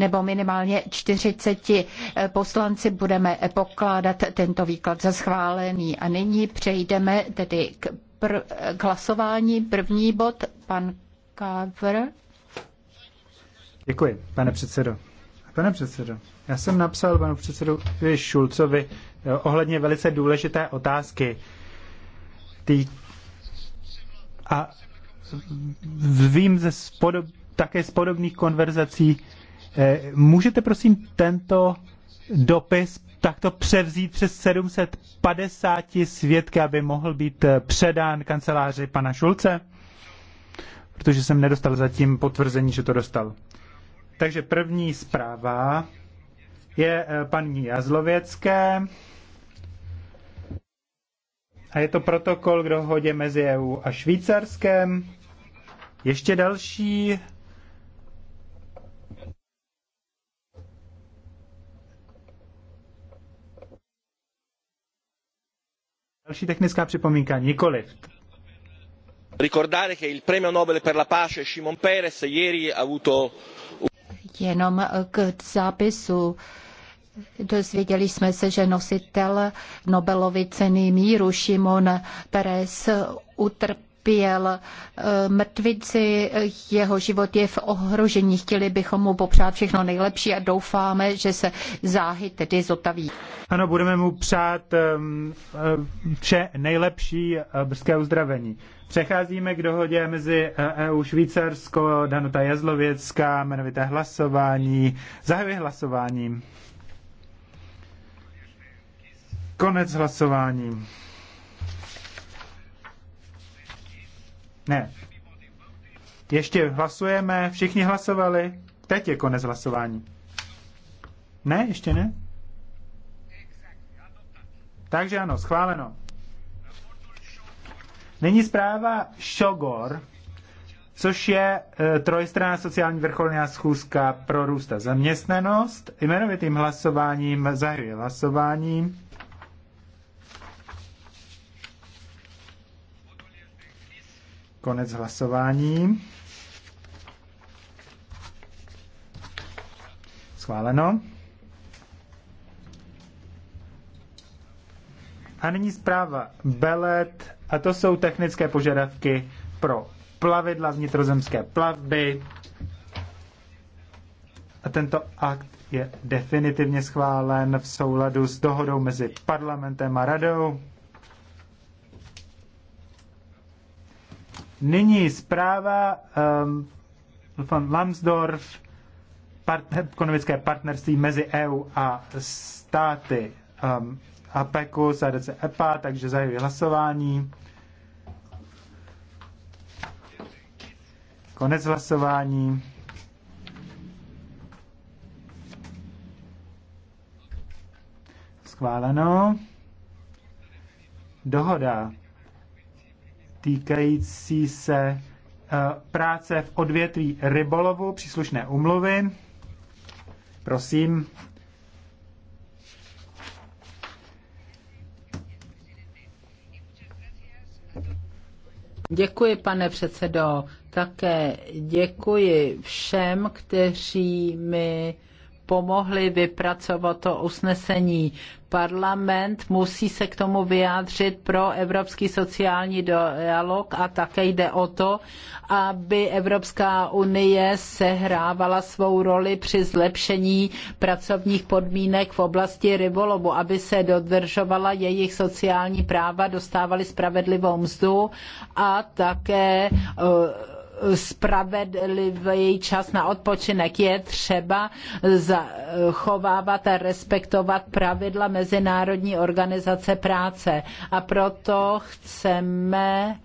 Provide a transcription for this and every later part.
nebo minimálně 40 poslanci budeme pokládat tento výklad za schválený. A nyní přejdeme tedy k, pr- k hlasování. První bod, pan Kávr. Děkuji, pane předsedo. Pane předsedo, já jsem napsal panu předsedu Šulcovi eh, ohledně velice důležité otázky. Tý... A vím ze spodob... také z podobných konverzací Eh, můžete prosím tento dopis takto převzít přes 750 svědky, aby mohl být eh, předán kanceláři pana Šulce? Protože jsem nedostal zatím potvrzení, že to dostal. Takže první zpráva je eh, paní Jazlověcké. A je to protokol k dohodě mezi EU a Švýcarskem. Ještě další Další technická připomínka, nikoliv. Ricordare che il premio Nobel per la pace Simon Peres ieri ha avuto Jenom k zápisu Dozvěděli jsme se, že nositel Nobelovy ceny míru Šimon Peres utrpěl trpěl e, mrtvici, jeho život je v ohrožení. Chtěli bychom mu popřát všechno nejlepší a doufáme, že se záhy tedy zotaví. Ano, budeme mu přát vše nejlepší e, brzké uzdravení. Přecházíme k dohodě mezi EU e Švýcarsko, Danuta Jazlověcká, jmenovité hlasování. Zahajuji hlasování. Konec hlasování. Ne. Ještě hlasujeme, všichni hlasovali. Teď je konec hlasování. Ne, ještě ne? Takže ano, schváleno. Není zpráva Šogor, což je e, trojstranná sociální vrcholná schůzka pro růst a zaměstnanost. Jmenovitým hlasováním zahajuje hlasování. Konec hlasování. Schváleno. A nyní zpráva Belet, a to jsou technické požadavky pro plavidla z vnitrozemské plavby. A tento akt je definitivně schválen v souladu s dohodou mezi parlamentem a radou. Nyní zpráva um, ehm, von Lambsdorff, partner, ekonomické partnerství mezi EU a státy um, ehm, APECu, SADC EPA, e takže zahajuji hlasování. Konec hlasování. Schváleno. Dohoda týkající se eh, práce v odvětví rybolovu, příslušné umluvy. Prosím. Děkuji, pane předsedo. Také děkuji všem, kteří mi pomohli vypracovat to usnesení. Parlament musí se k tomu vyjádřit pro evropský sociální dialog a také jde o to, aby Evropská unie sehrávala svou roli při zlepšení pracovních podmínek v oblasti rybolovu, aby se dodržovala jejich sociální práva, dostávali spravedlivou mzdu a také uh, spravedlivý čas na odpočinek. Je třeba zachovávat a respektovat pravidla Mezinárodní organizace práce. A proto chceme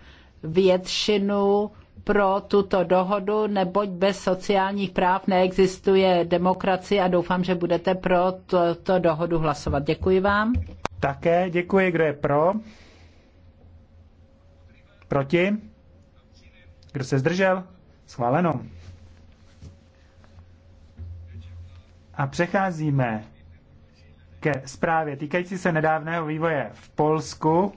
většinu pro tuto dohodu, neboť bez sociálních práv neexistuje demokracie a doufám, že budete pro tuto dohodu hlasovat. Děkuji vám. Také děkuji, kdo je pro. Proti? Kdo se zdržel? Schváleno. A přecházíme ke zprávě týkající se nedávného vývoje v Polsku.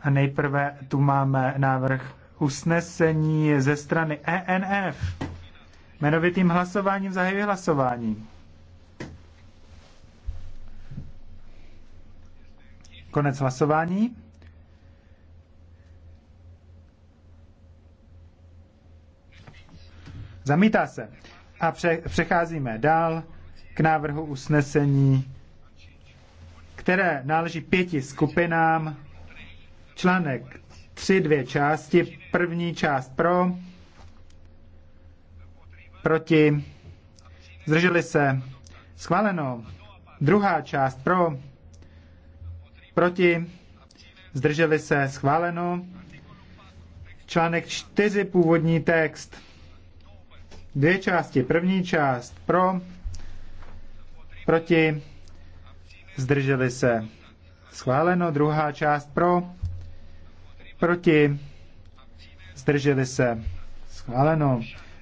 A nejprve tu máme návrh usnesení ze strany ENF. Jmenovitým hlasováním zahajuje hlasování. Konec hlasování. Zamítá se. A přecházíme dál k návrhu usnesení, které náleží pěti skupinám. Článek tři dvě části. První část pro, proti, zdrželi se, schváleno. Druhá část pro, proti, zdrželi se, schváleno. Článek čtyři původní text. Dvě části. První část pro, proti, zdrželi se. Schváleno. Druhá část pro, proti, zdrželi se. Schváleno.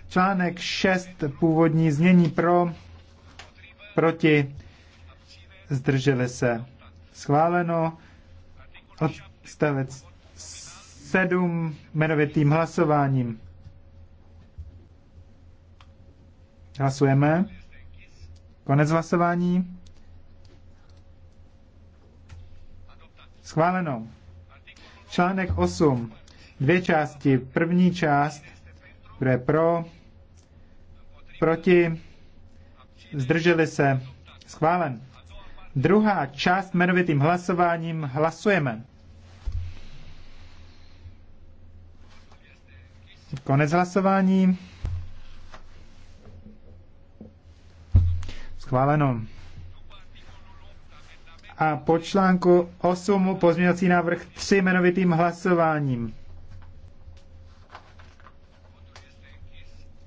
Článek 6, původní znění pro, proti, zdrželi se. Schváleno. Odstavec 7 jmenovitým hlasováním. Hlasujeme. Konec hlasování. Schváleno. Článek 8. Dvě části. První část, kde je pro, proti, zdrželi se. Schválen. Druhá část jmenovitým hlasováním hlasujeme. Konec hlasování. Schváleno. A po článku 8 pozměňovací návrh 3 jmenovitým hlasováním.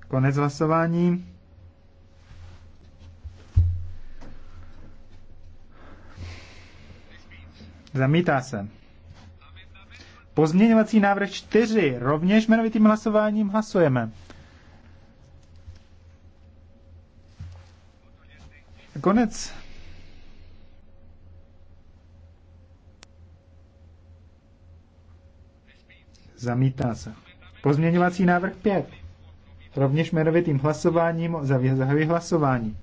Konec hlasování. Zamítá se. Pozměňovací návrh 4 rovněž jmenovitým hlasováním hlasujeme. Konec. Zamítá se. Pozměňovací návrh 5. Rovněž jmenovitým hlasováním zahajuji hlasování.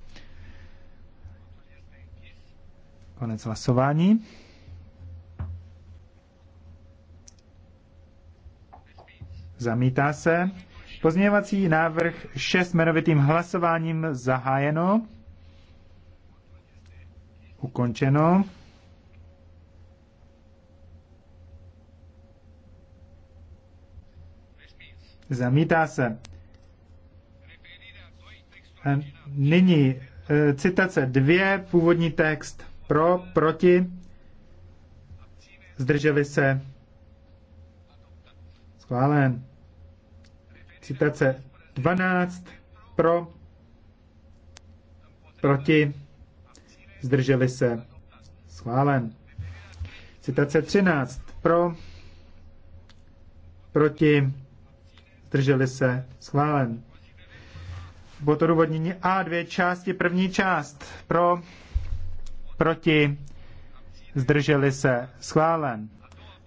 Konec hlasování. Zamítá se. Pozměňovací návrh 6 jmenovitým hlasováním zahájeno ukončeno. Zamítá se. Nyní e, citace dvě, původní text pro, proti, zdrželi se, schválen. Citace 12 pro, proti, zdrželi se, schválen. Citace 13. Pro, proti, zdrželi se, schválen. Bod odůvodnění A, dvě části, první část, pro, proti, zdrželi se, schválen.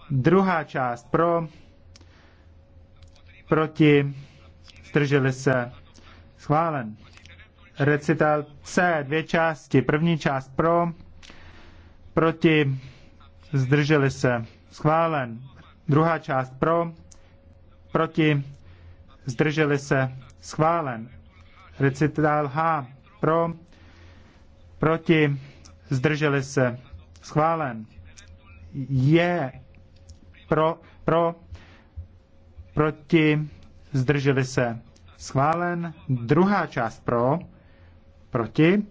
Druhá část, pro, proti, zdrželi se, schválen recital C, dvě části. První část pro, proti, zdrželi se, schválen. Druhá část pro, proti, zdrželi se, schválen. Recital H, pro, proti, zdrželi se, schválen. Je, pro, pro, proti, zdrželi se, schválen. Druhá část pro, proti,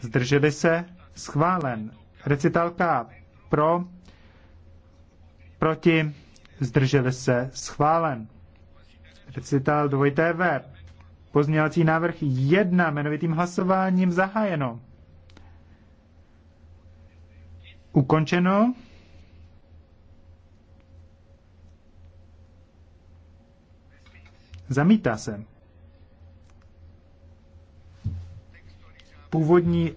zdrželi se, schválen. Recitalka pro, proti, zdrželi se, schválen. Recital 2TV, pozměňovací návrh 1, jmenovitým hlasováním zahájeno. Ukončeno. Zamítá se. původní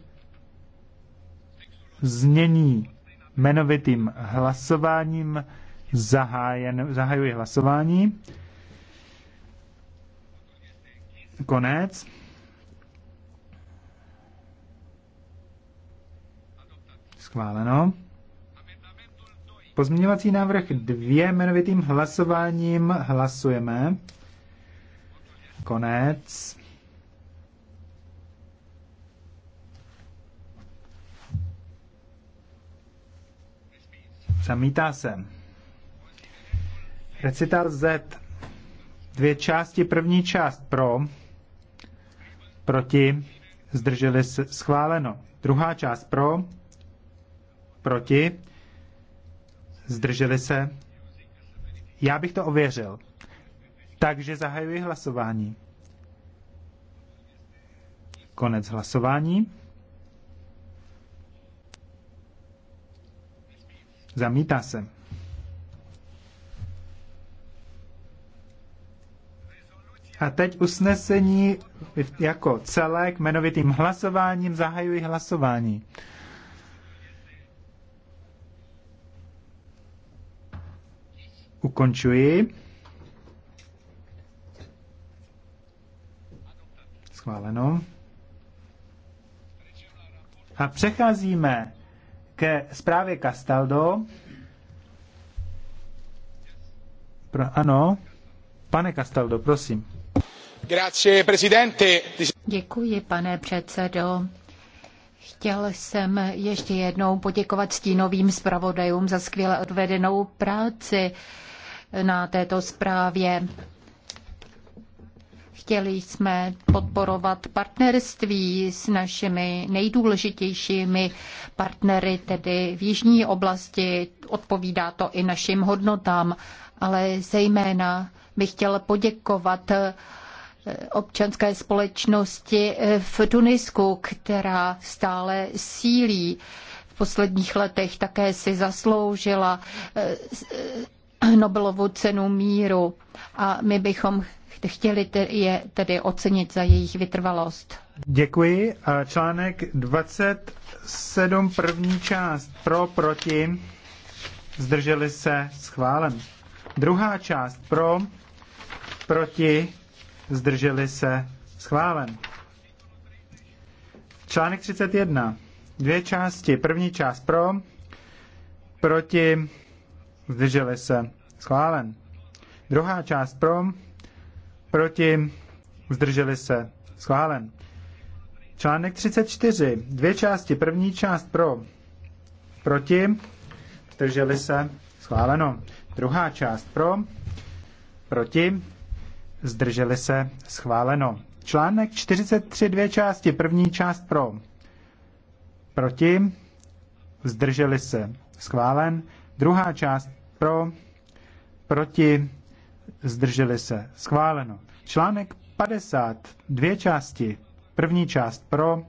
znění jmenovitým hlasováním zahájen, zahajuji hlasování. Konec. Schváleno. Pozměňovací návrh dvě jmenovitým hlasováním hlasujeme. Konec. Zamítá se. Recital Z. Dvě části. První část pro, proti, zdrželi se, schváleno. Druhá část pro, proti, zdrželi se. Já bych to ověřil. Takže zahajuji hlasování. Konec hlasování. Zamítá se. A teď usnesení jako celek jmenovitým hlasováním zahajují hlasování. Ukončuji. Schváleno. A přecházíme ke zprávě Castaldo. Pro, ano, pane Castaldo, prosím. Děkuji, pane předsedo. Chtěl jsem ještě jednou poděkovat stínovým zpravodajům za skvěle odvedenou práci na této zprávě. Chtěli jsme podporovat partnerství s našimi nejdůležitějšími partnery, tedy v jižní oblasti. Odpovídá to i našim hodnotám, ale zejména bych chtěl poděkovat eh, občanské společnosti eh, v Tunisku, která stále sílí. V posledních letech také si zasloužila eh, Nobelovu cenu míru. A my bychom Chtěli je tedy ocenit za jejich vytrvalost. Děkuji. Článek 27, první část pro, proti, zdrželi se schválen. Druhá část pro, proti, zdrželi se schválen. Článek 31. Dvě části. První část pro, proti, zdrželi se schválen. Druhá část pro, proti, zdrželi se, schválen. Článek 34, dvě části, první část pro, proti, zdrželi se, schváleno. Druhá část pro, proti, zdrželi se, schváleno. Článek 43, dvě části, první část pro, proti, zdrželi se, schválen. Druhá část pro, proti, zdrželi se, schváleno. Článek 50, dvě části, první část pro,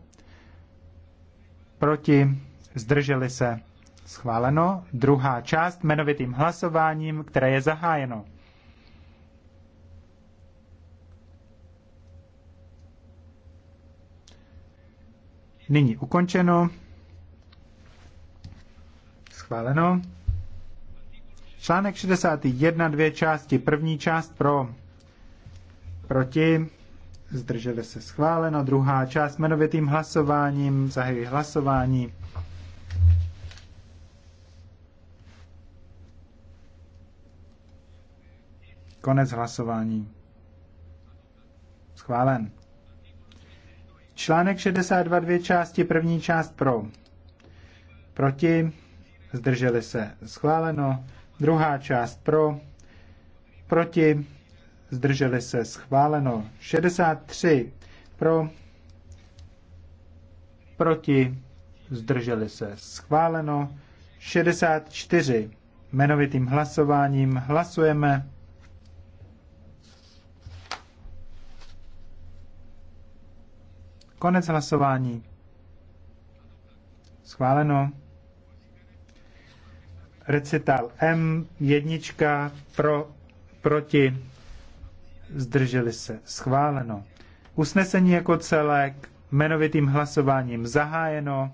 proti, zdrželi se, schváleno. Druhá část jmenovitým hlasováním, které je zahájeno. Nyní ukončeno. Schváleno. Článek 61, dvě části. První část pro, proti, zdrželi se schváleno. Druhá část jmenovitým hlasováním, zahajuji hlasování. Konec hlasování. Schválen. Článek 62 dvě části, první část pro. Proti, zdrželi se schváleno. Druhá část pro, proti, zdrželi se schváleno. 63 pro, proti, zdrželi se schváleno. 64 jmenovitým hlasováním hlasujeme. Konec hlasování. Schváleno. Recital M, jednička pro, proti, zdrželi se, schváleno. Usnesení jako celek, jmenovitým hlasováním zahájeno.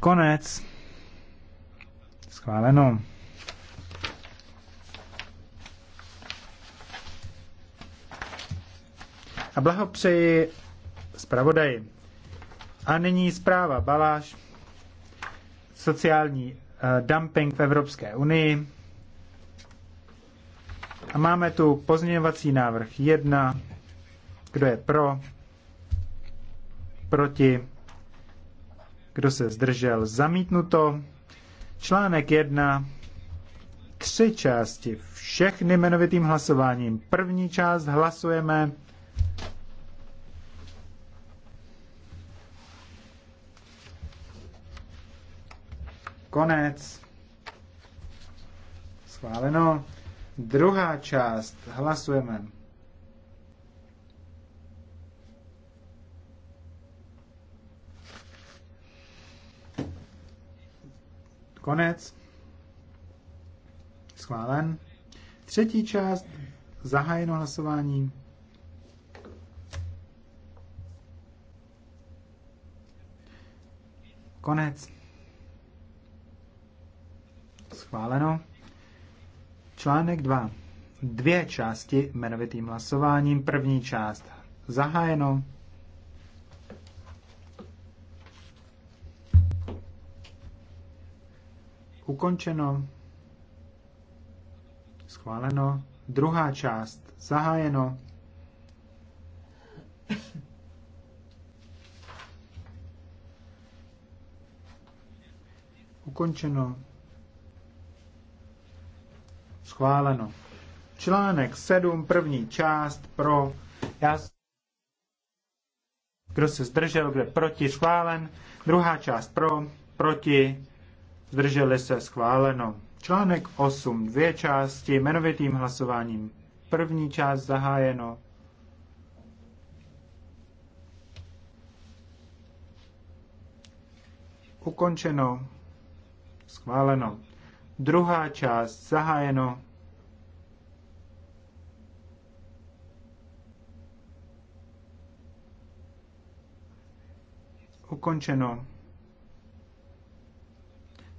Konec. Schváleno. A blahopřeji zpravodaji. A nyní zpráva Baláš, sociální eh, dumping v Evropské unii. A máme tu pozměňovací návrh 1. Kdo je pro? Proti? Kdo se zdržel? Zamítnuto. Článek 1. Tři části. Všechny jmenovitým hlasováním. První část hlasujeme Konec. Schváleno. Druhá část. Hlasujeme. Konec. Schválen. Třetí část. Zahájeno hlasování. Konec. Schváleno. Článek 2. Dvě části jmenovitým hlasováním. První část zahájeno. Ukončeno. Schváleno. Druhá část zahájeno. Ukončeno schváleno. Článek 7, první část pro. Já... Kdo se zdržel, kde proti, schválen. Druhá část pro, proti, zdrželi se, schváleno. Článek 8, dvě části, jmenovitým hlasováním. První část zahájeno, ukončeno, schváleno. Druhá část zahájeno, Ukončeno.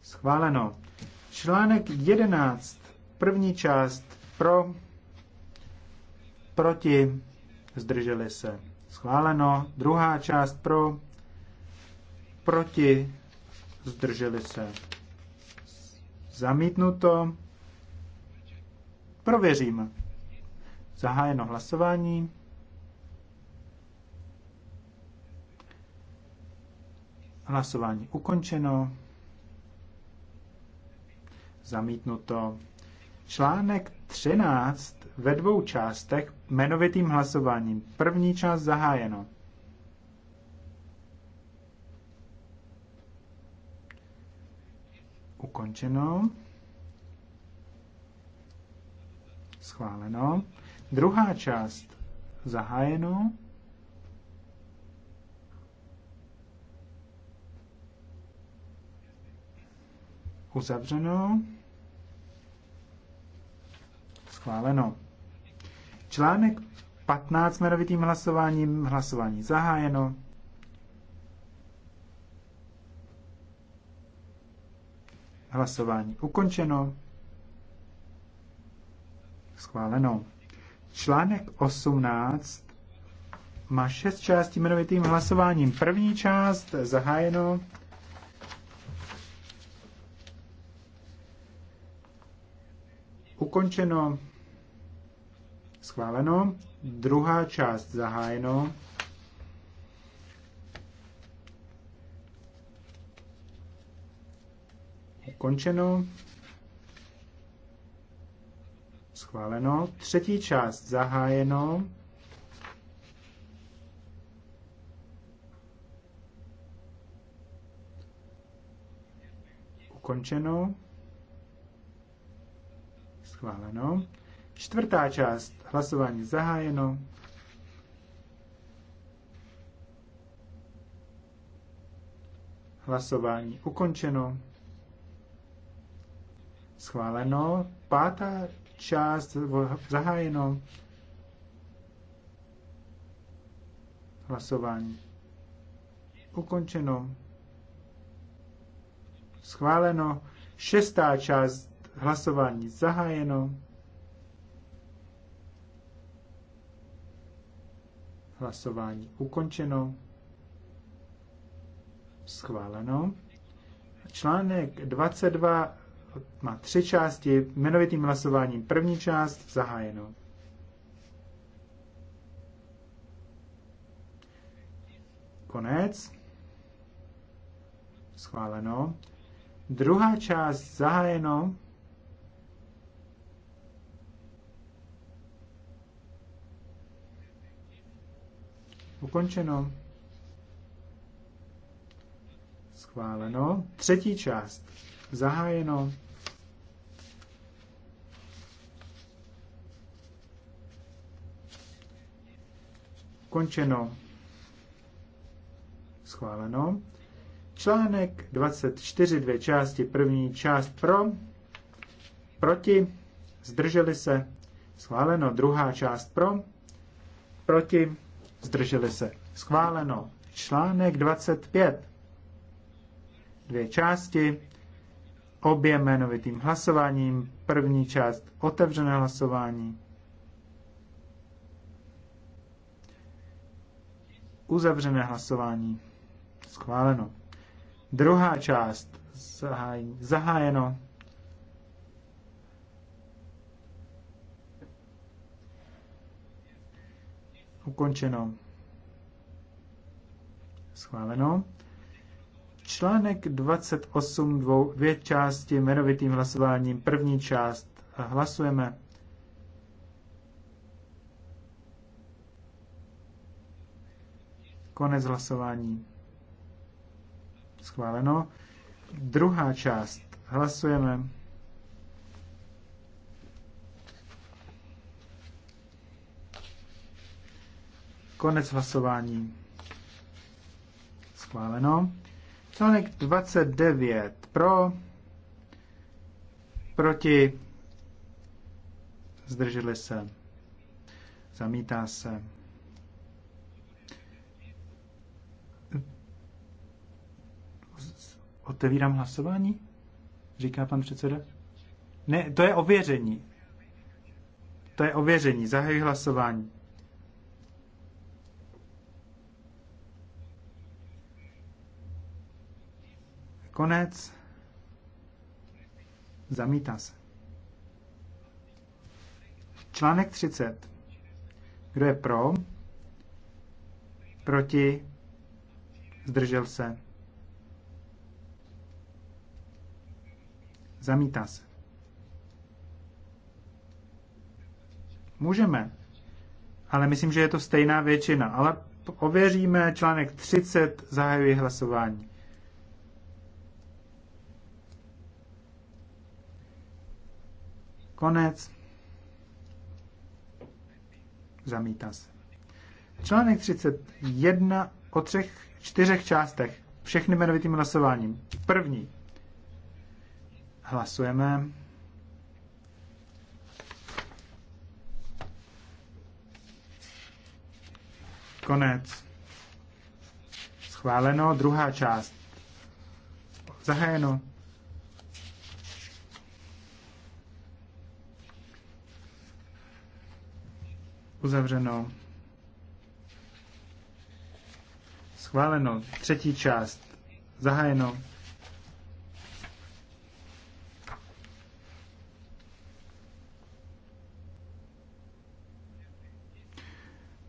Schváleno. Článek 11, první část pro, proti, zdrželi se. Schváleno. Druhá část pro, proti, zdrželi se. Zamítnuto. Prověřím. Zahájeno hlasování. Hlasování ukončeno. Zamítnuto. Článek 13 ve dvou částech jmenovitým hlasováním. První část zahájeno. Ukončeno. Schváleno. Druhá část zahájeno. Uzavřeno. Schváleno. Článek 15 merovitým hlasováním. Hlasování zahájeno. Hlasování ukončeno. Schváleno. Článek 18 má šest částí jmenovitým hlasováním. První část zahájeno. ukončeno, schváleno, druhá část zahájeno, ukončeno, schváleno, třetí část zahájeno, ukončeno, Schváleno. Čtvrtá část. Hlasování zahájeno. Hlasování ukončeno. Schváleno. Pátá část zahájeno. Hlasování ukončeno. Schváleno. Šestá část Hlasování zahájeno. Hlasování ukončeno. Schváleno. Článek 22 má tři části. Jmenovitým hlasováním první část zahájeno. Konec. Schváleno. Druhá část zahájeno. Ukončeno. Schváleno. Třetí část. Zahájeno. Ukončeno. Schváleno. Článek 24, dvě části. První část pro, proti, zdrželi se. Schváleno. Druhá část pro, proti, zdrželi se. Schváleno. Článek 25. Dvě části. Obě jmenovitým hlasováním. První část otevřené hlasování. Uzavřené hlasování. Schváleno. Druhá část zahájeno Ukončeno. Schváleno. Článek 28, dvou, dvě části, jmenovitým hlasováním. První část. Hlasujeme. Konec hlasování. Schváleno. Druhá část. Hlasujeme. Konec hlasování. Schváleno. Článek 29 pro, proti, zdrželi se, zamítá se. Otevírám hlasování? Říká pan předseda. Ne, to je ověření. To je ověření. Zahajuji hlasování. Konec. Zamítá se. Článek 30. Kdo je pro? Proti? Zdržel se? Zamítá se. Můžeme, ale myslím, že je to stejná většina. Ale ověříme článek 30, zahajuji hlasování. Konec. Zamítá se. Článek 31 o třech, čtyřech částech. Všechny jmenovitým hlasováním. První. Hlasujeme. Konec. Schváleno. Druhá část. Zahájeno. Uzavřeno. Schváleno. Třetí část. Zahájeno.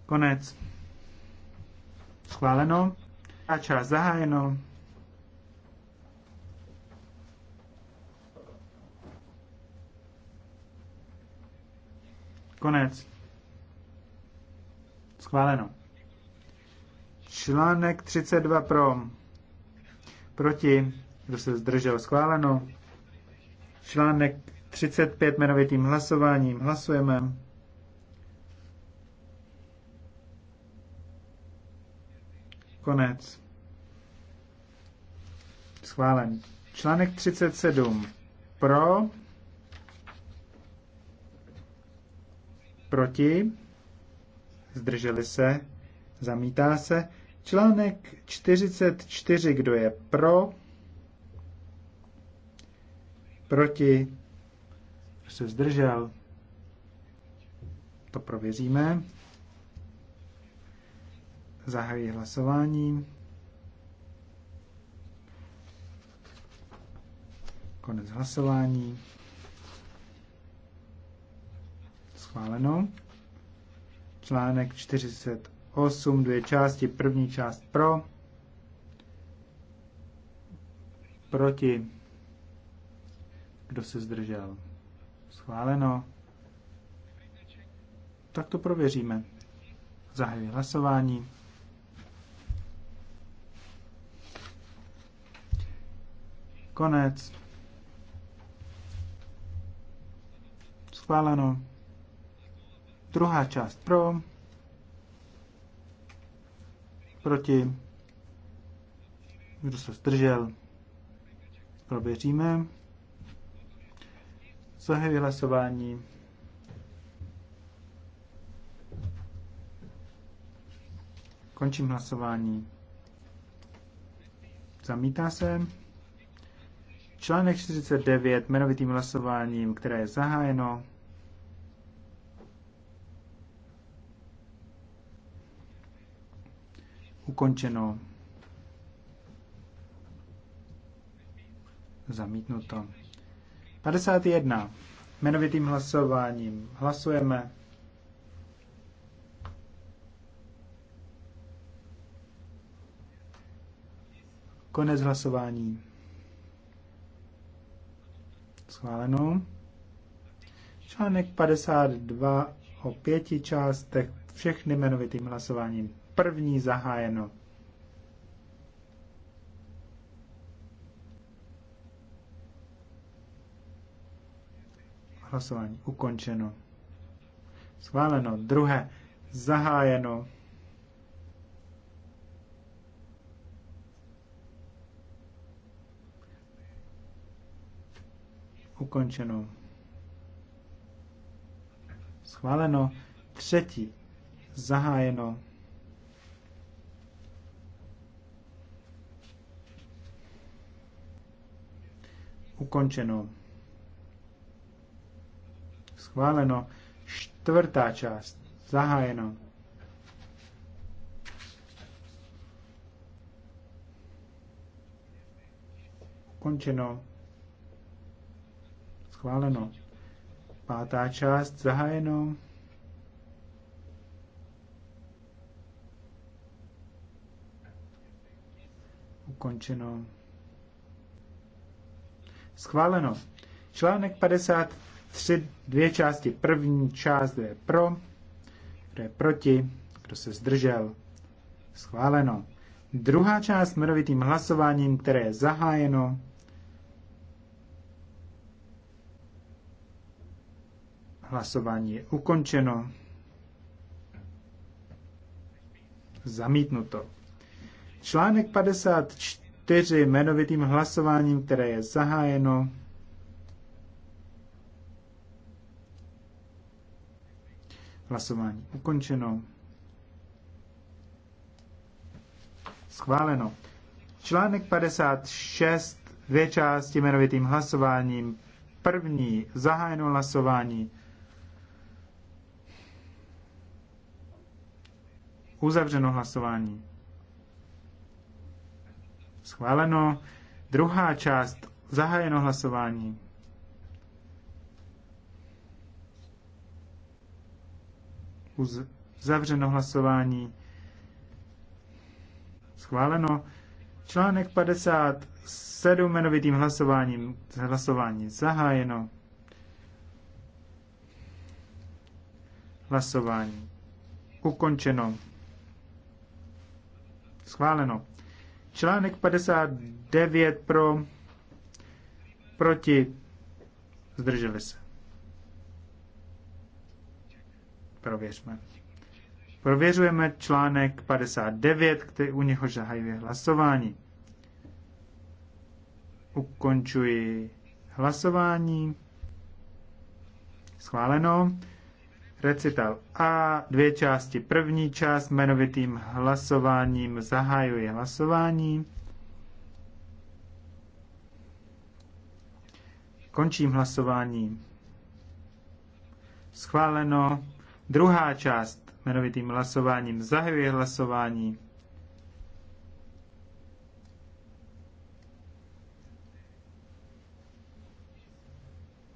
Konec. Schváleno. A část zahájeno. Konec. Schváleno. Článek 32 pro. Proti. Kdo se zdržel? Schváleno. Článek 35 jmenovitým hlasováním. Hlasujeme. Konec. Schválen. Článek 37. Pro. Proti zdrželi se, zamítá se. Článek 44, kdo je pro, proti, kdo se zdržel, to prověříme. Zahají hlasování. Konec hlasování. Schváleno článek 48, dvě části, první část pro, proti, kdo se zdržel, schváleno, tak to prověříme. Zahajuji hlasování. Konec. Schváleno. Druhá část pro, proti, kdo se zdržel, prověříme. Zahajuji hlasování. Končím hlasování. Zamítá se. Článek 49 jmenovitým hlasováním, které je zahájeno. Ukončeno. Zamítnuto. 51. Jmenovitým hlasováním. Hlasujeme. Konec hlasování. Schváleno. Článek 52 o pěti částech všechny jmenovitým hlasováním první zahájeno. Hlasování ukončeno. Schváleno. Druhé zahájeno. Ukončeno. Schváleno. Třetí. Zahájeno. Ukončeno. Schváleno. Čtvrtá část. Zahájeno. Ukončeno. Schváleno. Pátá část. Zahájeno. Ukončeno. Schváleno. Článek 53, dvě části. První část, je pro, kdo je proti, kdo se zdržel. Schváleno. Druhá část mrovitým hlasováním, které je zahájeno. Hlasování je ukončeno. Zamítnuto. Článek 54 4 jmenovitým hlasováním, které je zahájeno. Hlasování ukončeno. Schváleno. Článek 56, dvě části jmenovitým hlasováním. První, zahájeno hlasování. Uzavřeno hlasování. Schváleno. Druhá část. Zahájeno hlasování. Uzavřeno hlasování. Schváleno. Článek 57 jmenovitým hlasováním. Hlasování zahájeno. Hlasování ukončeno. Schváleno. Článek 59 pro, proti, zdrželi se. Prověřme. Prověřujeme článek 59, který u něho zahajuje hlasování. Ukončuji hlasování. Schváleno. Recital A, dvě části. První část jmenovitým hlasováním zahajuji hlasování. Končím hlasování. Schváleno. Druhá část jmenovitým hlasováním zahajuji hlasování.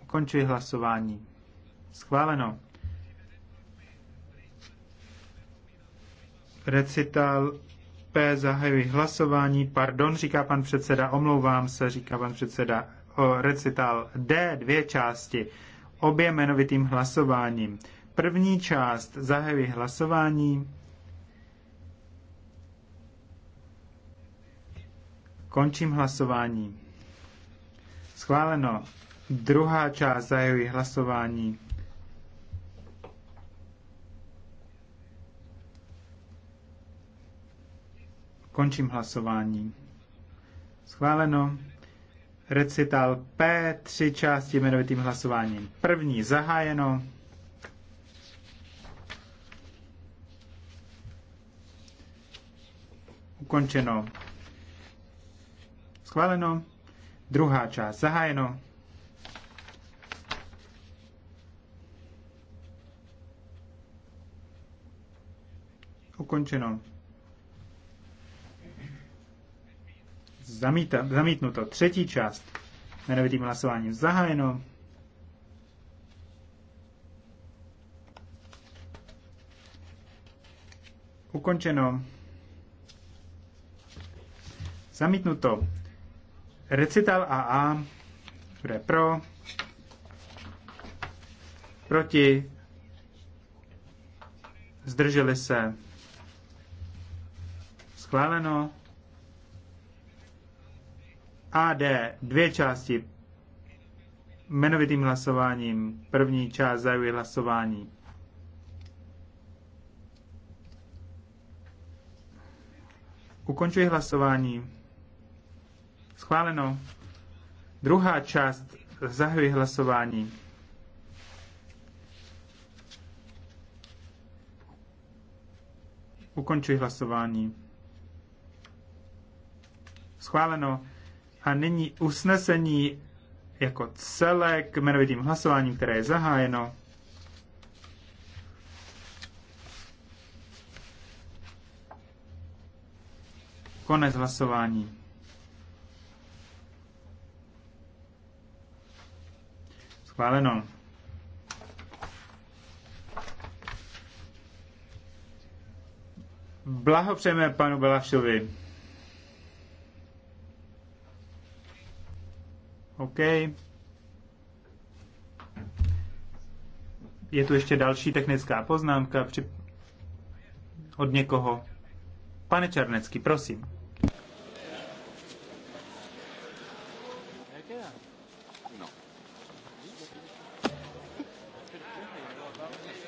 Končuji hlasování. Schváleno. recital P zahajuji hlasování, pardon, říká pan předseda, omlouvám se, říká pan předseda, o recital D, dvě části, obě jmenovitým hlasováním. První část zahajuji hlasování, končím hlasování. Schváleno. Druhá část zahajuji hlasování. Končím hlasování. Schváleno. Recital P, tři části jmenovitým hlasováním. První zahájeno. Ukončeno. Schváleno. Druhá část zahájeno. Ukončeno. Zamíta, zamítnuto. Třetí část. Jmenovitým hlasováním zahájeno. Ukončeno. Zamítnuto. Recital AA. Kdo je pro? Proti? Zdrželi se? Schváleno. AD dvě části jmenovitým hlasováním. První část zajuje hlasování. Ukončuji hlasování. Schváleno. Druhá část zahajuji hlasování. Ukončuji hlasování. Schváleno. A nyní usnesení jako celek jmenovitým hlasováním, které je zahájeno. Konec hlasování. Schváleno. Blahopřejeme panu Belašovi. OK. Je tu ještě další technická poznámka při... od někoho. Pane Černecký, prosím.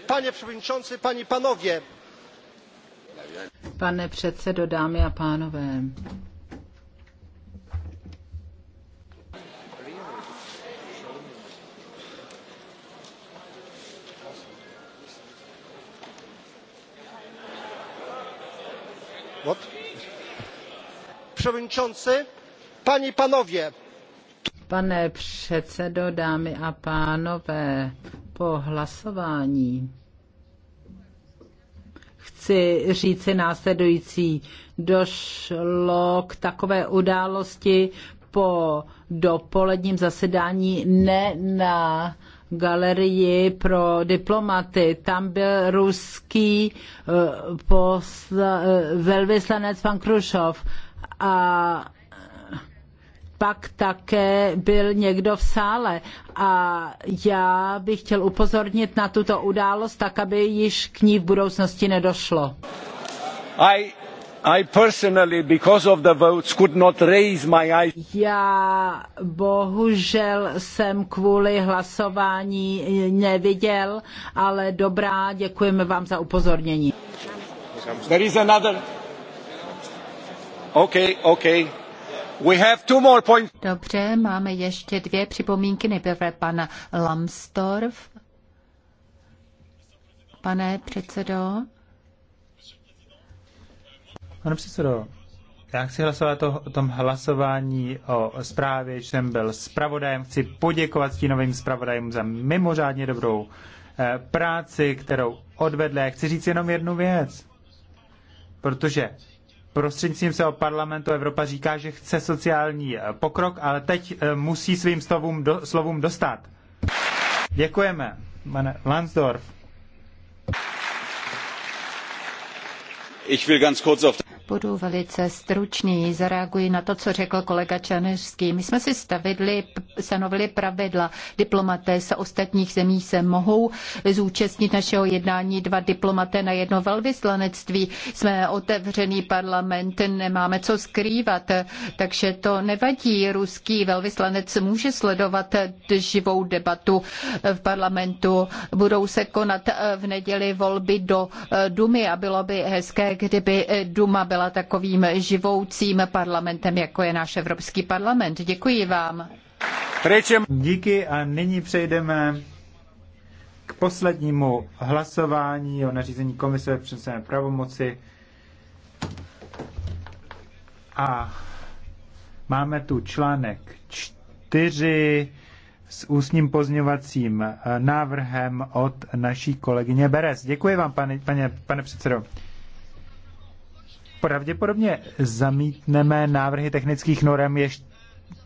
Panie przewodniczący, panie i panowie. Pane předsedo, dámy a pánové. paní Pane předsedo, dámy a pánové, po hlasování chci říci následující. Došlo k takové události po dopoledním zasedání ne na galerii pro diplomaty. Tam byl ruský eh, posla, eh, velvyslanec pan Krušov a pak také byl někdo v sále a já bych chtěl upozornit na tuto událost, tak aby již k ní v budoucnosti nedošlo. I i personally, because of the votes, could not raise my eyes. Já bohužel jsem kvůli hlasování neviděl, ale dobrá, děkujeme vám za upozornění. There is another. Okay, okay. We have two more points. Dobře, máme ještě dvě připomínky. Nejprve pana Lambsdorff. Pane předsedo. Pane předsedo, já chci hlasovat o, o tom hlasování o zprávě, jsem byl zpravodajem. Chci poděkovat stínovým zpravodajům za mimořádně dobrou eh, práci, kterou odvedli. Já chci říct jenom jednu věc, protože prostřednictvím svého parlamentu Evropa říká, že chce sociální eh, pokrok, ale teď eh, musí svým slovům, do, slovům dostat. Děkujeme, pane Lansdorf. Ich will ganz kurz auf Budu velice stručný, zareaguji na to, co řekl kolega Čaneřský. My jsme si stavidli, stanovili pravidla. Diplomaté z ostatních zemí se mohou zúčastnit našeho jednání, dva diplomaté na jedno velvyslanectví. Jsme otevřený parlament, nemáme co skrývat, takže to nevadí. Ruský velvyslanec může sledovat živou debatu v parlamentu. Budou se konat v neděli volby do Dumy a bylo by hezké, kdyby Duma byla byla takovým živoucím parlamentem, jako je náš Evropský parlament. Děkuji vám. Díky a nyní přejdeme k poslednímu hlasování o nařízení komise v přenesené pravomoci. A máme tu článek 4 s ústním pozňovacím eh, návrhem od naší kolegyně Beres. Děkuji vám, pane, pane, pane předsedo pravděpodobně zamítneme návrhy technických norem, jež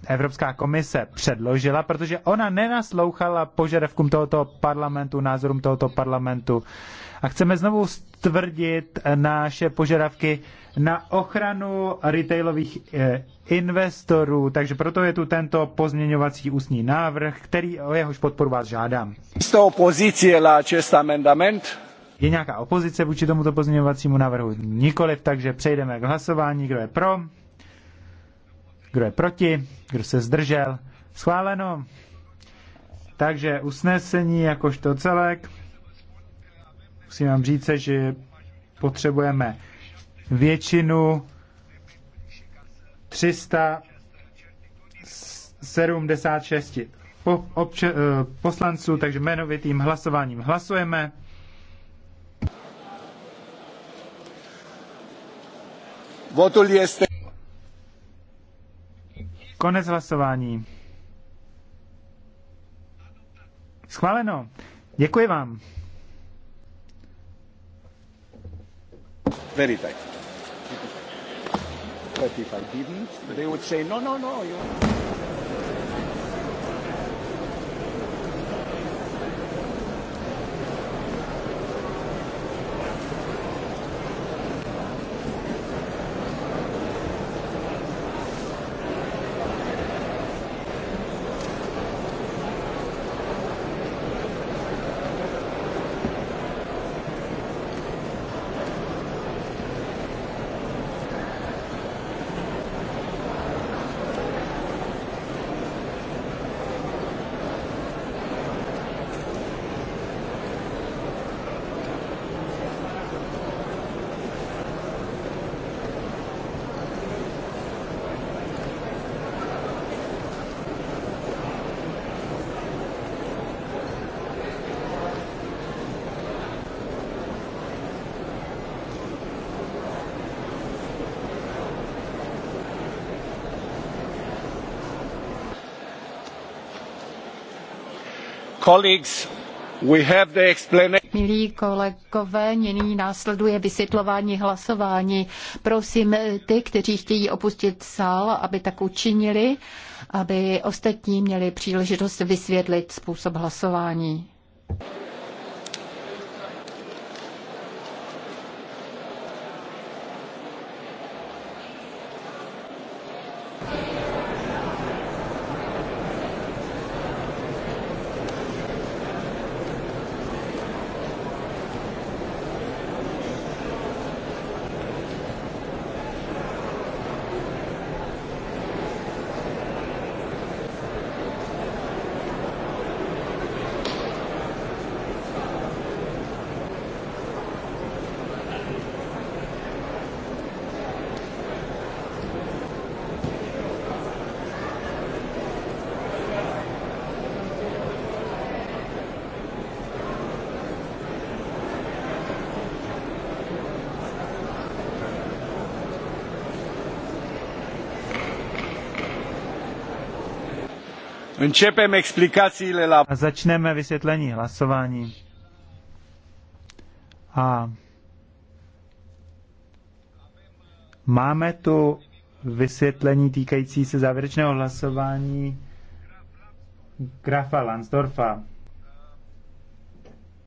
Evropská komise předložila, protože ona nenaslouchala požadavkům tohoto parlamentu, názorům tohoto parlamentu. A chceme znovu stvrdit naše požadavky na ochranu retailových eh, investorů, takže proto je tu tento pozměňovací ústní návrh, který o jehož podporu vás žádám. Z toho pozice je acest amendament? Je nějaká opozice vůči tomuto pozměňovacímu návrhu? Nikoliv, takže přejdeme k hlasování. Kdo je pro? Kdo je proti? Kdo se zdržel? Schváleno. Takže usnesení jakožto celek. Musím vám říct, že potřebujeme většinu 376 po, obče, eh, poslanců, takže jmenovitým hlasováním hlasujeme. Votul Konec hlasování. Schváleno. Děkuji vám. Very tight. But if I didn't, they would say, no, no, no. you're... Milí kolegové, nyní následuje vysvětlování hlasování. Prosím ty, kteří chtějí opustit sál, aby tak učinili, aby ostatní měli příležitost vysvětlit způsob hlasování. začneme vysvětlení hlasování. A máme tu vysvětlení týkající se závěrečného hlasování grafa Lansdorfa.